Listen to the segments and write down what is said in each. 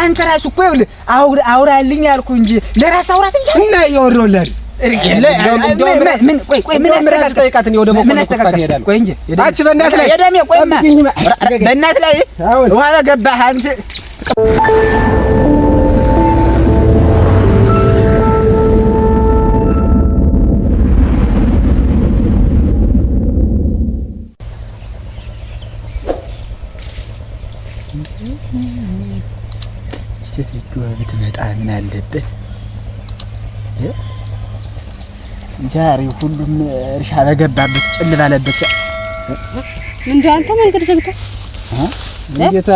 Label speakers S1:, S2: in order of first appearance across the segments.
S1: አንተ ራሱ እኮ ይኸውልህ አውራልኝ አልኩህ እንጂ ለራስህ አውራት እና እያወራሁልህ
S2: አይደል።
S1: ሴትዮ ብትመጣ ምን አለበት? ዛሬ ሁሉም እርሻ በገባበት ጭል ባለበት
S2: እንደው አንተ መንገድ ዘግቷል።
S1: እንዴት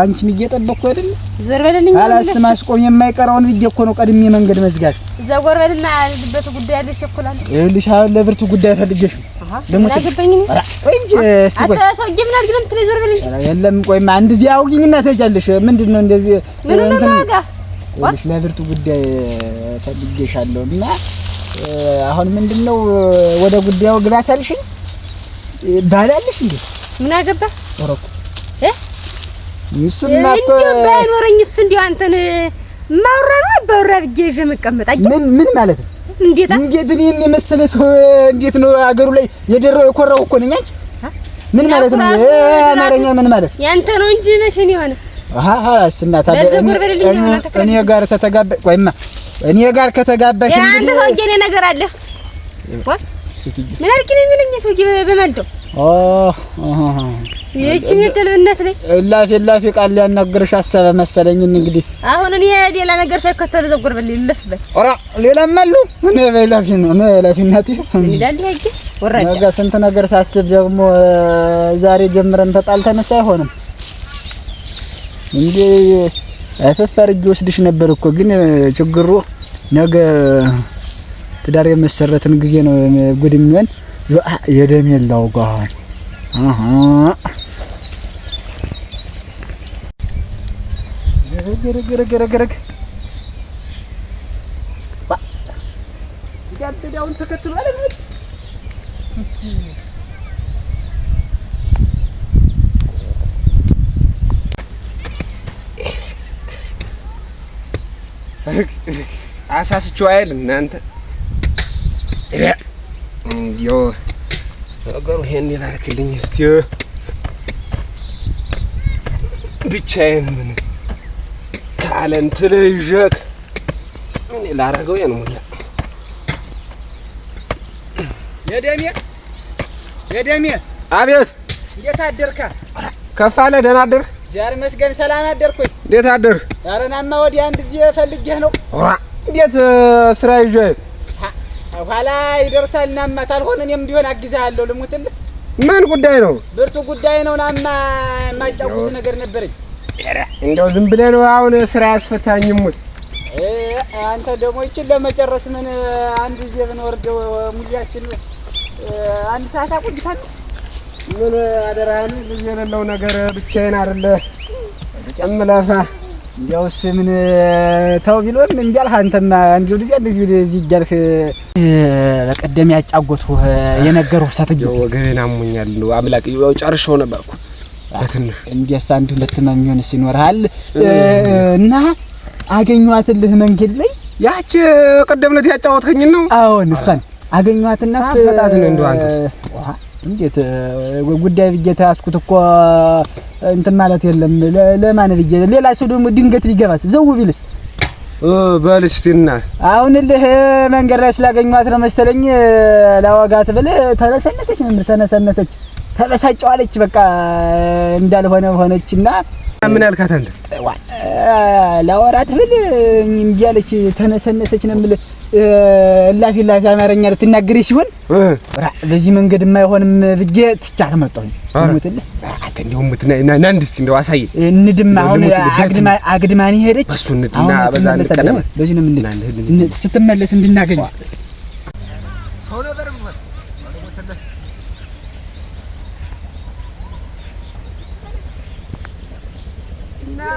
S1: አንቺን እየጠበቅኩ አይደል?
S2: ዘወር በልልኝ። አላስ
S1: ማስቆም የማይቀረውን ልጅ እኮ ነው ቀድሜ መንገድ መዝጋት።
S2: ዘወር በልና ያለበት ጉዳይ አለ፣ እቸኩላለሁ።
S1: ይኸውልሽ አሁን ለብርቱ ጉዳይ ፈልጌሽ ነው። የለም ቆይማ እንደዚህ አውጊኝና ትሄጃለሽ። ምንድን ነው እንደዚህ ለብርቱ ጉዳይ ፈልጌሻለሁ እና አሁን ምንድን ነው ወደ ጉዳዩ ግባት አልሽኝ። ባል እንዴ?
S2: ምን አገባ እ
S1: ሚስቱንማ እኮ
S2: ባይኖረኝስ እንዲያው አንተን ማውራ ነው አባውራ ብዬ ይዤ መቀመጥ
S1: ምን ምን ማለት ነው? እንዴት እንዴት እኔን የመሰለ ሰው እንዴት ነው አገሩ ላይ የደረው የኮራው እኮ ነኝ አንቺ ምን ማለት ነው? አማርኛ ምን ማለት ነው?
S2: ያንተ ነው እንጂ መቼ ነው
S1: እኔ ጋር ተተጋባ ወይማ እኔ ጋር ከተጋባሽ
S2: እንግዲህ አንተ ሰውዬ ነገር አለ ምን አድርጊ ነው የሚለኝ ሰውዬ በማልደው ይቺን ድልብነት ላይ
S1: እላፊ እላፊ ቃል ሊያናግርሽ አሰበ መሰለኝ። እንግዲህ
S2: አሁን እኔ ሌላ ነገር ሳይከተሉ ዘጉር ብል ይለፍበት
S1: ኦራ ሌላም አሉ። እኔ በላፊ ነው እኔ በላፊነት
S2: ይላል። ይሄ ወራጃ
S1: ነገ ስንት ነገር ሳስብ ደግሞ ዛሬ ጀምረን ተጣልተን አይሆንም እንዴ? አይፈፍ አድርጌ ወስድሽ ነበር እኮ ግን ችግሩ ነገ ትዳር የመሰረትን ጊዜ ነው ጉድ የሚሆን የደም የለው ጋር አሃ አሁን ተከትሎ አሳስቸው አይደል እናንተ እንዲያው ነገሩ ይሄን ይላርክልኝ እስቲ ብቻዬን ምን አለንትል ይዠት እኔ ላረገው ያን ሙላ የደሜ የደሜ አቤት እንዴት አደርካ?
S2: ከፍ አለ። ደህና አደር።
S1: ጃር መስገን ሰላም አደርኩኝ። እንዴት አደር? ኧረ ናማ ወዲያ አንድ ጊዜ ፈልጌህ ነው።
S2: ኦራ እንዴት ስራ ይዤ
S1: ኋላ ይደርሳል። ናማ ታልሆነ እኔም ቢሆን አግዛለሁ። ልሙትልህ።
S2: ምን ጉዳይ ነው?
S1: ብርቱ ጉዳይ ነው ናማ። የማጫውት ነገር ነበረኝ እንደው ዝም ብለህ ነው አሁን ስራ ያስፈታኝ ሙት አንተ ደግሞ ይችን ለመጨረስ ምን አንድ ጊዜ ብንወርደው ሙያችን አንድ ሰዓት አቆይታል። ምን አደራህን ጊዜ የሌለው ነገር ብቻዬን አይደለ ጨምለፋ እንዲያውስ ምን ተው ቢሎን እምቢ አልህ። አንተማ እንዲሁ ልጅ እንደዚህ እዚህ እያልክ በቀደም ያጫጎቱ የነገሩ ሰትየው
S2: ወገቤን አሞኛል። አምላክ ያው ጨርሼው ነበርኩ
S1: እንዲያስ አንድ ሁለት የሚሆን ሲኖርሃል እና አገኘዋትልህ መንገድ ላይ
S2: ያች ቀደም ዕለት ያጫወትከኝ ነው።
S1: አዎን እሷን አገኘዋትና አፈታት ነው እንደው አንተስ እንዴት ጉዳይ ብዬ ተያዝኩት እኮ እንትን ማለት የለም ለማን ብዬ ሌላ ሰው ደግሞ ድንገት ቢገባስ ዘው ቢልስ
S2: በልስቲና
S1: አሁን መንገድ ላይ ስላገኘኋት ነው መሰለኝ ላወጋት ብለህ ተነሰነሰች ነው ተነሰነሰች ተበሳጨዋለች። በቃ እንዳልሆነ ሆነችና ምን አልካት አንተ? ለወራት ብል እምቢ አለች፣ ተነሰነሰች ነው የምልህ። ላፊ ላፊ አማርኛ ልትናገሪ ሲሆን በዚህ መንገድ የማይሆንም ብዬ ትቻት መጣሁኝ።
S2: ሙትልህ ናንድስ እንደው አሳይ
S1: እንድማ አሁን አግድማን ሄደች።
S2: በሱ እንድና በዛ እንቀለመ
S1: በዚህ ነው ስትመለስ እንድናገኝ እና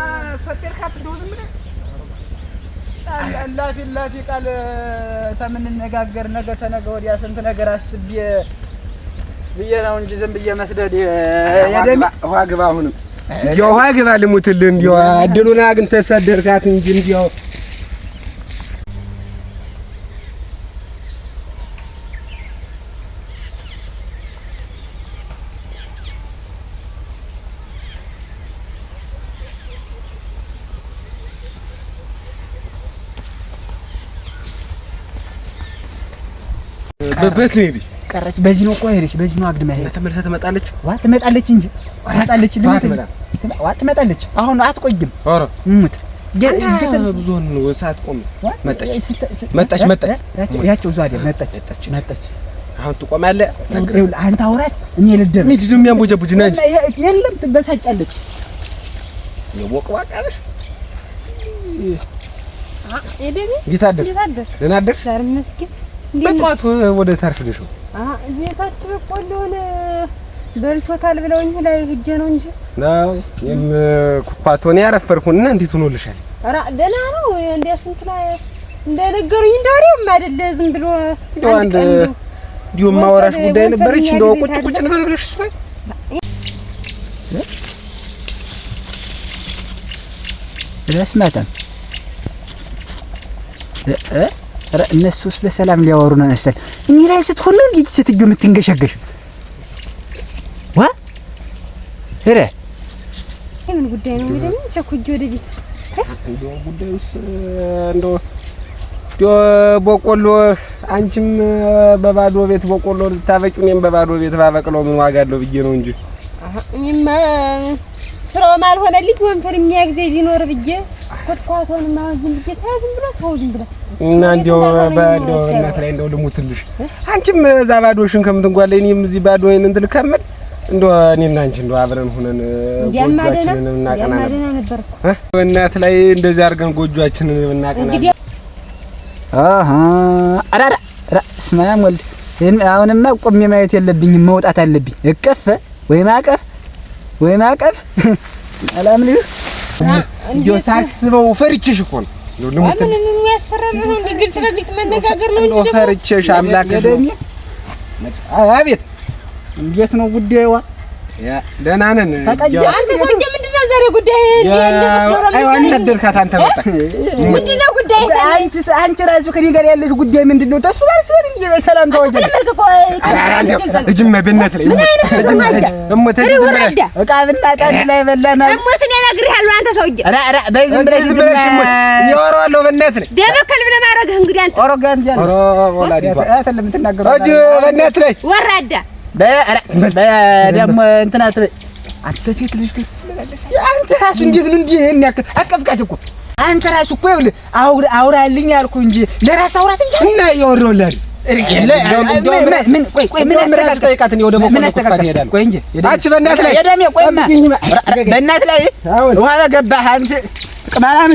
S1: ሰጤር እንደው ዝም ብለህ ላፊ ላፊ ቃል ተምንነጋገር ነገ ተነገ ወዲያ ስንት ነገር አስቤ ብዬ ነው እንጂ ዝም ብዬ መስደድ
S2: ውሃ ግባ አሁንም
S1: እንዲያው ውሃ ግባ ልሙትልህ እንዲያው አግኝተህ ሰደርካት እንጂ እንዲያው በት ነው የሄደች ቀረች። በዚህ ነው እኮ ሄደች። በዚህ ነው አግድማ ሄደች።
S2: ተመልሳ ትመጣለች።
S1: ዋ ትመጣለች እንጂ ትመጣለች። ዋ ትመጣለች። አሁን አትቆይም።
S2: ኧረ እሙት ብዙውን ሰዓት ቆም መጣች መጣች መጣች።
S1: ያቸው እዛ አይደል መጣች
S2: መጣች። አሁን ትቆማለህ።
S1: አንተ አውራት እኔ ልደም
S2: ምንድን ነው የሚያንቦጀቡጅ? ና እንጂ
S1: የለም ትበሳጫለች።
S2: የወቅ ዋቃለሽ ይደግ
S1: ይታደግ ይታደግ
S2: ለናደግ ዛሬ መስኪን በጧቱ ወደ ታርፍልሽ ነው።
S1: አህ እዚህ ታች ቆሎን በልቶታል ብለውኝ ላይ ሂጄ ነው እንጂ
S2: ነው የም ያረፈርኩን እና እንዴት ሆኖልሻል?
S1: ኧረ ደህና ነው። እንደ ስንት ላይ እንደነገሩኝ እንዳሪውም አይደለ ዝም ብሎ
S2: አንድ ቀን ማወራሽ ጉዳይ ነበረች። እንደው ቁጭ ቁጭ ነበር ብለሽ ስታይ
S1: ለስማታም እ እነሱስ በሰላም ሊያወሩ ነው መሰል። እኔ ላይ ስትሆን ነው ልጅ ስትገ የምትንገሸገሽ ዋ እረ
S2: ምን ጉዳይ ነው? ወደ ምን ቸኩጅ ወደ ቤት
S1: ጉዳዩስ እንደው በቆሎ አንቺም በባዶ ቤት በቆሎ ልታበቂ፣ እኔም በባዶ ቤት ባበቅለው ምን ዋጋ አለው ብዬ ነው እንጂ
S2: እኔማ ስራውም አልሆነልኝ ወንፈል የሚያ ጊዜ ቢኖር ብዬ ኮትኳቶን ማዝም ብዬ ታዝም ብሎ ታውዝም ብሎ
S1: እና እንደው ባዶ እናት ላይ እንደው ልሙትልሽ። አንቺም እዛ ባዶሽን ከምትንጓለኝ እኔም እዚህ ባዶ ይሄን እንትን ልካመድ እንደው እኔና አንቺ እንደው አብረን ሆነን
S2: ጎጆአችንን እናቀና ነበር
S1: እናት ላይ እንደዚህ አድርገን ጎጆአችንን እናቀና እንግዲህ አሃ አራራ ስማያም ወልድ አሁንማ ቆሜ ማየት የለብኝም መውጣት አለብኝ እቀፍ ወይ ማቀፍ ወይ ማቀፍ ሰላም ልዩ
S2: እንዴ ሳስበው ፈርቼሽ እኮ ነው ምን ያስፈራል አቤት
S1: እንዴት ነው ጉዳይዋ
S2: ደህና ነን አንተ ሰው ጉዳይ
S1: ወደድካት አንተ መጣህ። ጉዳይ? አንቺ ራሱ ከእኔ ጋር ያለሽ ጉዳይ ምንድን ነው? ተሱ ጋር ሲሆን ሰላም ታወቂ። እጅም በእናትህ
S2: ላይ ዕቃ
S1: ብናጣ ላይ በላና
S2: እሞትን እነግርሃለሁ። አንተ ሰውዬ ዝም ብለሽ እያወራዋለሁ። በእናትህ ላይ ደበከል ብለህ ማድረግህ እንግዲህ አንተ
S1: ኦሮጋን በእናትህ
S2: ላይ ወራዳ
S1: ደግሞ እንትን አትበይ
S2: አንተ ሴት ልጅ ግን
S1: አንተ ራሱ እንዴት ነው እንዲህ ይሄን ያክል አቀፍቃት እኮ አንተ ራሱ እኮ ይኸውልህ አውራልኝ አልኩ እንጂ ለራስ አውራት እንጂ እና ያወራውላል
S2: በእናት ላይ ውሃ ገባህ አንተ ቅማላም